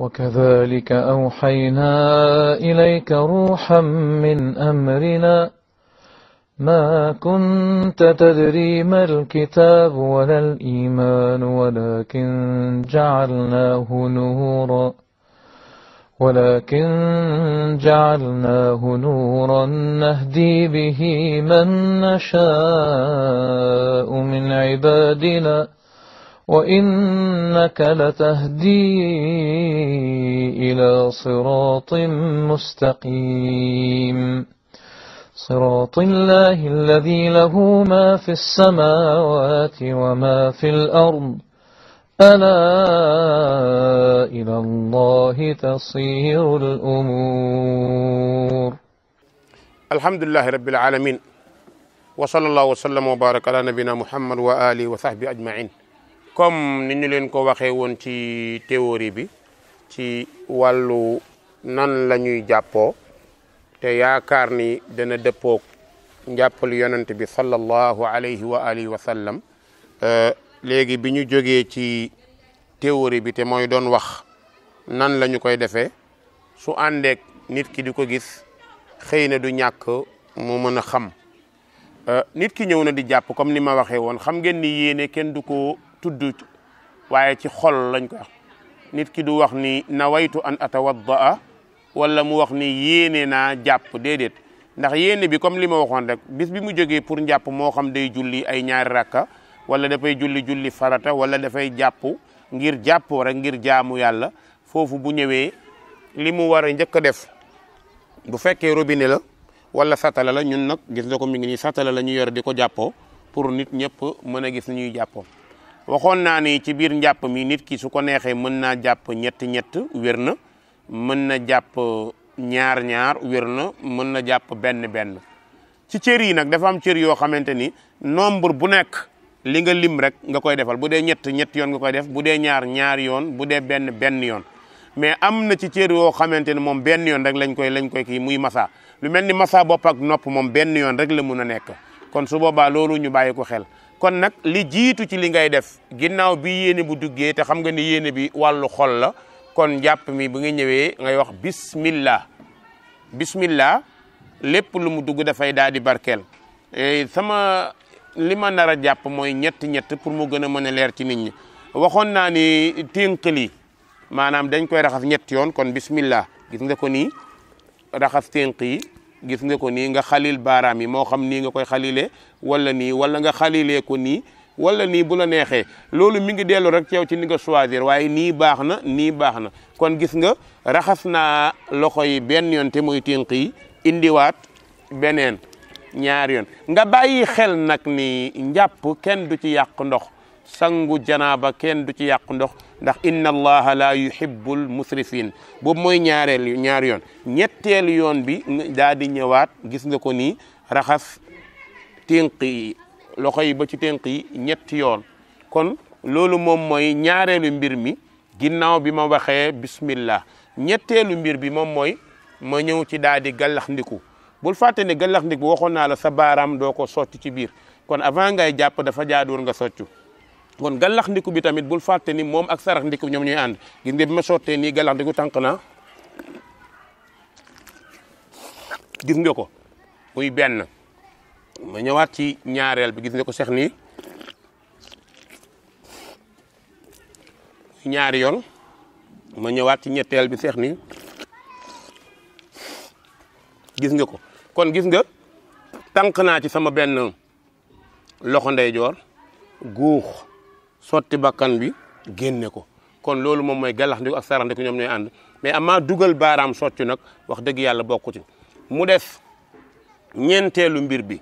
وكذلك أوحينا إليك روحا من أمرنا ما كنت تدري ما الكتاب ولا الإيمان ولكن جعلناه نورا ولكن جعلناه نورا نهدي به من نشاء من عبادنا وإنك لتهدي إلى صراط مستقيم صراط الله الذي له ما في السماوات وما في الأرض ألا إلى الله تصير الأمور الحمد لله رب العالمين وصلى الله وسلم وبارك على نبينا محمد وآله وصحبه أجمعين comme ni ñu leen ko waxee woon ci théorie bi ci wàllu nan la ñuy jàppoo te yaakaar ni dana dëppoog njàppal yonent bi sallallahu alayhi wa alihi wa sallam euh, léegi bi ñu jógee ci théorie bi te mooy doon wax nan lañu koy defee su àndeek nit ki di ko gis xëy na du ñàkk mu mën a xam euh, nit ki ñëw na di jàpp comme ni ma waxee woon xam ngeen ni yéene kenn du ko tudd waaye ci xol lañ koy nit ki du wax ni na waytu an atawaddaa wala mu wax ni yéene naa jàpp déedéet ndax yéene bi comme li ma waxoon rek bis bi mu jógee pour jàpp moo xam day julli ay ñaari rakka wala dafay julli julli farata wala dafay jàpp ngir jàpp rek ngir jaamu yàlla foofu bu ñëwee li mu war a njëkk a def bu fekkee robine la wala satala la ñun nag gis nga ko mi ngi nii satala la ñu yor di ko jàppoo pour nit ñëpp mën a gis ni ñuy jàppoo waxoon naa ni ci biir njàpp mi nit ki su ko neexee mën naa jàpp ñett ñett wér na mën na jàpp ñaar ñaar wér na mën na jàpp benn benn ci cër yi nag dafa am cër yoo xamante ni nombre bu nekk li nga lim rek nga koy defal bu dee ñett ñett yoon nga koy def bu dee ñaar ñaar yoon bu dee benn benn yoon mais am na ci cër yoo xamante ni moom benn yoon rek lañ koy lañ koy kii muy massa lu mel ni massa bopp ak nopp moom benn yoon rek la mun a nekk kon su boobaa loolu ñu bàyyi ko xel kon nak li jitu ci li ngay def ginnaw bi yene bu duggé té xam nga ni yene bi walu xol la kon japp mi bu nga ñëwé ngay wax bismillah bismillah lepp lu mu dugg fay daal di e sama lima nara japp moy jàpp mooy ñett ñett pour mu gëna mëna mën leer ci nit ñi waxon na ni ténqali manam dañ koy raxas ñett yoon kon bismillah gis nga ko ni raxas ténq gis nga ko nii nga xalil baaraam yi moo xam nii nga koy xalilee wala nii wala nga xalilee ko nii wala nii bu la neexee loolu mi ngi dellu rek ceew ci ni nga choisir waaye nii baax na nii baax na kon gis nga raxas naa loxo yi benn yoon te muy tinq yi indiwaat beneen ñaar yoon nga bàyyi xel nag ni njàpp kenn du ci yàq ndox sangu janaaba kenn du ci yàqu ndox ndax inna allaha la yuhibbul musrifin boobu mooy ñaareel ñaar yoon ñetteel yoon bi daa di ñëwaat gis nga ko nii raxas ténk yi loxo yi ba ci ténk yi ñetti yoon kon loolu moom mooy ñaareelu mbir mi ginnaaw bi ma waxee bismillah ñetteelu mbir bi moom mooy ma ñëw ci daa di gàllax ndiku bul fàtte ne gàllax ndiku waxoon naa la sa baaraam doo ko sotti ci biir kon avant ngay jàpp dafa jaaduwul nga soccu kon galax ndiku bi tamit bul faté ni mom ak sarax ndiku ñom ñuy and gi nga ma soté ni galax ndiku tank na gis nga ko muy ben ma ñëwaat ci ñaarel bi gis nga ko sex nii ñaar yoon ma ñëwaat ci ñettel bi xex ni gis nga ko kon gis nga tank na ci sama ben loxo jor guux sotti bakkan bi génne ko kon loolu moom mooy gàllax ndiku ak saraxndiku ñoom ñooy ànd mais amaa dugal baaraam sotti nag wax dëgg yàlla bokku ci mu des ñeenteelu mbir bi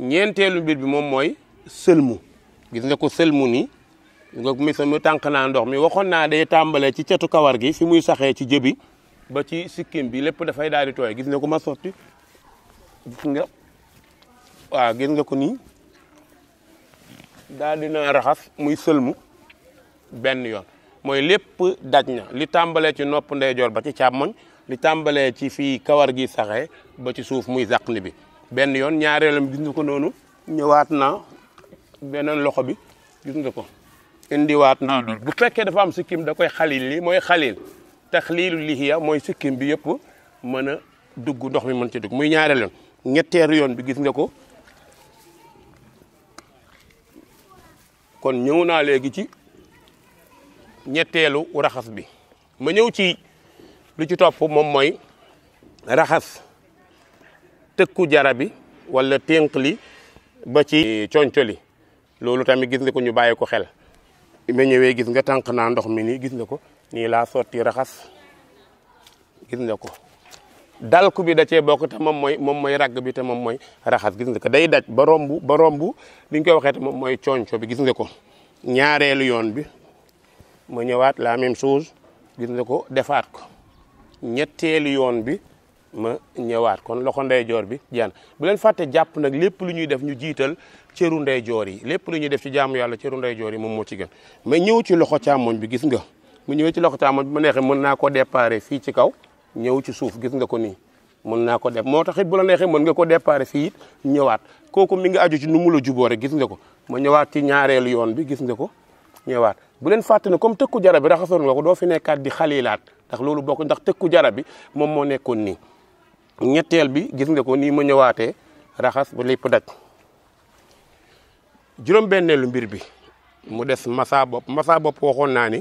ñeenteelu mbir bi moom mooy sëlmu gis nga ko sëlmu ni nga mi sa mu naa ndox mi waxoon naa day tàmbalee ci cetu kawar gi fi muy saxee ci jëbi ba ci sikkim bi lépp dafay daal di tooy gis nga ko ma sotti gis nga ko nii daal dinaa raxas muy sëlmu benn yoon mooy lépp daj na li tàmbalee ci nopp ndeyjoor ba ci càmmoñ li tàmbalee ci fii kawar gi saxe ba ci suuf muy zàq ni bi benn yoon ñaareelam gis nga ko noonu ñëwaat naa beneen loxo bi gis nga ko indiwaat naa loolu bu fekkee dafa am sikkim da koy xalil li mooy xalil taxliilu lihiya mooy sikkim bi yëpp mën a dugg ndox mi mën ci dugg muy ñaareelu yoon ñetteer yoon bi gis nga ko kon ñëw naa léegi ci ñetteelu raxas bi ma ñëw ci lu ci topp moom mooy raxas tëkku jara bi wala ténk li ba ci concoli loolu tamit gis nga ko ñu bàyyi ko xel ma ñëwee gis nga tànk naa ndox mi nii gis nga ko nii laa sotti raxas gis nga ko dalku bi da cee bokk te moom mooy moom mooy ragg bi te moom mooy raxas gis nga ko day daj ba romb ba romb li ñu koy waxee te moom mooy conco bi gis nga ko ñaareelu yoon bi ma ñëwaat la même chose gis nga ko defaat ko ñetteelu yoon bi ma ñawaat kon loxo ndeyjoor bi jaan bu leen fàtte jàpp nag lépp lu ñuy def ñu jiital cëru ndeyjoor yi lépp lu ñuy def ci jaamu yàlla cëru ndeyjoor yi moom moo ci gën mais ñëw ci loxo mooñ bi gis nga mu ñëwee ci loxo càmmoñ bi ma neexee mën naa ko déparé fii ci kaw ñëw ci suuf gis nga ko nii mën naa ko def moo tax it bu la neexee mën nga ko déparé fii ñëwaat kooku mi nga aju ci nu mu la juboo rek gis nga ko moo ñëwaat ci ñaareelu yoon bi gis nga ko ñëwaat bu leen fàtte ne comme tëkku jara bi raxasoon nga ko doo fi nekkaat di xalilaat ndax loolu bokk ndax tëkku jara bi moom moo nekkoon nii ñetteel bi gis nga ko nii ma ñëwaatee raxas ba lépp daj juróom-benneelu mbir bi mu des masaa bopp masaa bopp waxoon naa ni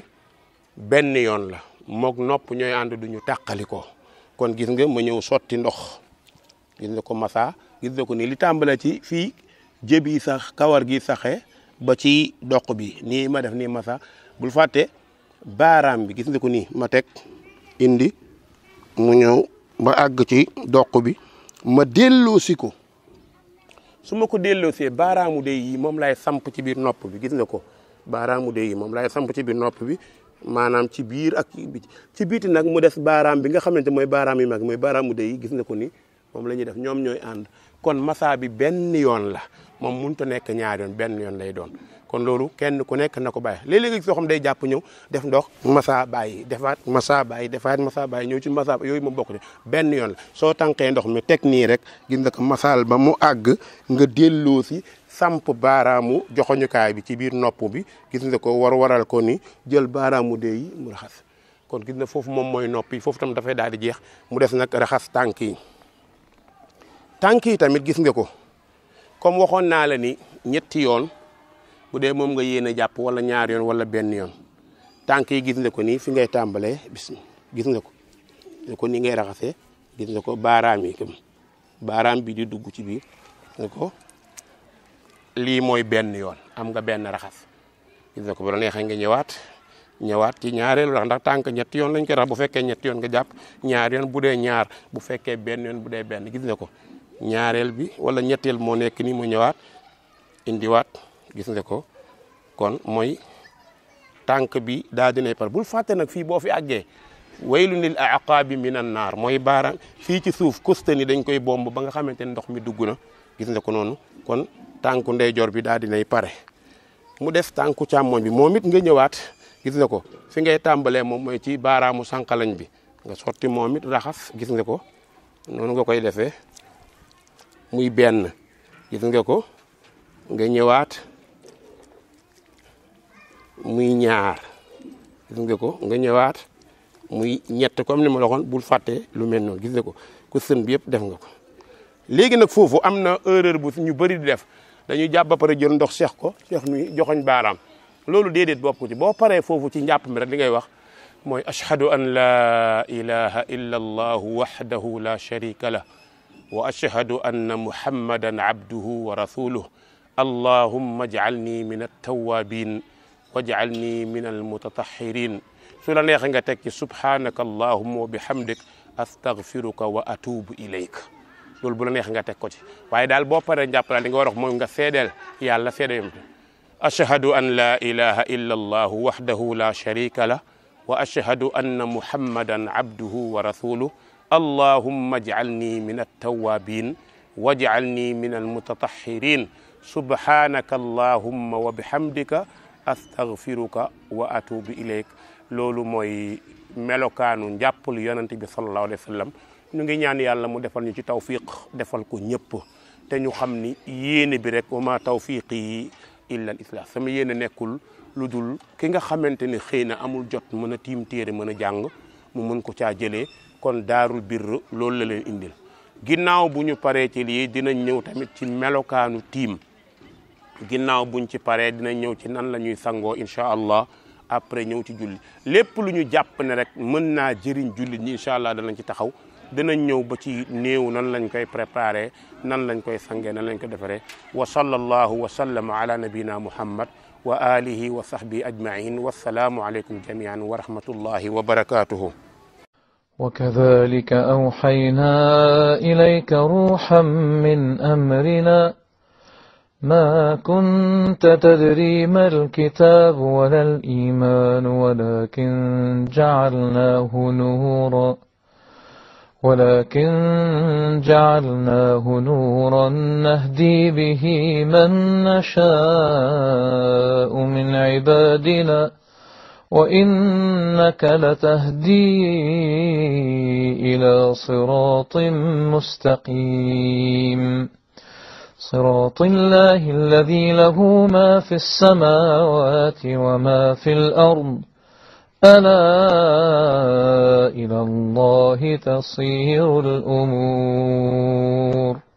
benn yoon la mook nopp ñooy ànd duñu tàqali ko kon gis nga ma ñëw sotti ndox gis nga ko massa gis nga ko nii li tàmbale ci fii jéb yi sax kawar gi saxe ba ci doq bi nii ma def nii massa bul fàtte baaraam bi gis nga ko nii ma teg indi mu ñëw ba àgg ci doq bi ma delloosi ko su ma ko delloosee baaraamu de yi moom lay samp ci biir nopp bi gis nga ko baaraamu dey yi moom lay samp ci biir nopp bi maanaam ci biir ak ci biti ci biiti nag mu des baaraam bi nga xamante mooy baaraam yu mag mooy baaraamu dey gis nga ko ni moom la ñuy def ñoom ñooy ànd kon masaa bi benn yoon la moom mënut a nekk ñaari yoon benn yoon lay doon kon loolu kenn ku nekk na ko bàyyi léeg-léeg soo xam day jàpp ñëw def ndox massa bàyyi defaat massa bàyyi defaat massa bàyyi ñëw ci masaa yooyu ma bokk benn yoon la soo tànkee ndox mi teg nii rek gis nga ko massaal ba mu àgg nga delloo si samp baaraamu joxoñukaay bi ci biir nopp bi gis nga ko war waral ko ni jël baaraamu dee yi mu raxas kon gis na foofu moom mooy nopp yi foofu tam dafay daal di jeex mu des nag raxas tànk yi tànk yi tamit gis nga ko comme waxoon naa la ni ñetti yoon bu dee moom nga yéene jàpp wala ñaar yoon wala benn yoon tànk yi gis nga ko nii fi ngay tàmbalee bis gis nga ko ne ni ngay raxasee gis nga ko baaraam yi baaraam bi di dugg ci biir nga ko lii mooy benn yoon am nga benn raxas gis nga ko bu la neexee nga ñëwaat ñëwaat ci ñaareelu rax ndax tànk ñetti yoon lañ koy rax bu fekkee ñetti yoon nga jàpp ñaar yoon bu dee ñaar bu fekkee benn yoon bu dee benn gis nga ko ñaareel bi wala ñetteel moo nekk ni mu ñëwaat indiwaat gis nga ko kon mooy tànk bi daa dina par bul fàtte nag fii boo fi àggee waylun lil mi na naar mooy baaraam fii ci suuf kostani dañ koy bomb ba nga xamante ne ndox mi dugg na gis nga ko noonu kon tànku ndeyjoor bi daal dinay pare mu def tànku càmmoñ bi moom it nga ñëwaat gis nga ko fi ngay tàmbalee moom mooy ci baaraamu sànqalañ bi nga sotti moom it raxas gis nga ko noonu nga koy defee muy benn gis nga ko nga ñëwaat muy ñaar gis nga ko nga ñëwaat muy ñett comme ni ma la bul fàtte lu mel noonu gis nga ko ku sën bi yëpp def nga ko légui nak fofu amna erreur bu ñu bari di def dañuy jàpp ba pare jël ndox cheikh ko cheikh nuy joxoñ baram lolu dedet bopp ko ci bo paré fofu ci japp mi rek li ngay wax moy ashhadu an la ilaha illa allah wahdahu la sharika la wa ashhadu anna muhammadan abduhu wa rasuluhu allahumma ij'alni min at-tawwabin waj'alni min al-mutatahhirin su la neexee nga tek ci subhanaka allahumma wa bihamdik astaghfiruka wa atubu ilayk loolu bu la neex nga teg ko ci waaye daal boo paree njàpp daal li nga war a wax mooy nga seedeel yàlla seede yom ashhadu an la ilaha illa allah wahdahu la sharika la wa ashhadu anna muhammadan abduhu wa rasuluh allahumma ij'alni min at-tawwabin waj'alni min al-mutatahhirin subhanaka allahumma wa bihamdika astaghfiruka wa atubu ilayk loolu mooy melokaanu njàppul yonent bi sallallahu alayhi wa sallam ñu ngi ñaan yàlla mu defal ñu ci tawfiq defal ko ñëpp te ñu xam ni yéene bi rek wa ma tawfiqi illa al islah sama yéene nekkul lu dul ki nga xamante ne xëy na amul jot mën a tiim téere mën a jàng mu mën ko caa jëlee kon daarul birr loolu la leen indil ginnaaw bu ñu paree ci lii dinañ ñëw tamit ci melokaanu tiim ginnaaw buñ ci paree dinañ ñëw ci nan la ñuy sangoo incha allah après ñëw ci julli lépp lu ñu jàpp ne rek mën naa jëriñ julli ñi incha allah danañ ci taxaw dinañ ñëw ba ci néew nan lañ koy préparé nan lañ koy sangé nan lañ ko wa sallallahu wa sallama ala nabina muhammad wa alihi wa ajma'in wassalamu alaykum jami'an wa rahmatullahi wa barakatuhu وكذلك أوحينا إليك روحا من ما كنت تدري ما الكتاب ولا الإيمان ولكن جعلناه نورا ولكن جعلناه نورا نهدي به من نشاء من عبادنا وإنك لتهدي إلى صراط مستقيم صراط الله الذي له ما في السماوات وما في الأرض ألا إلى الله تصير الأمور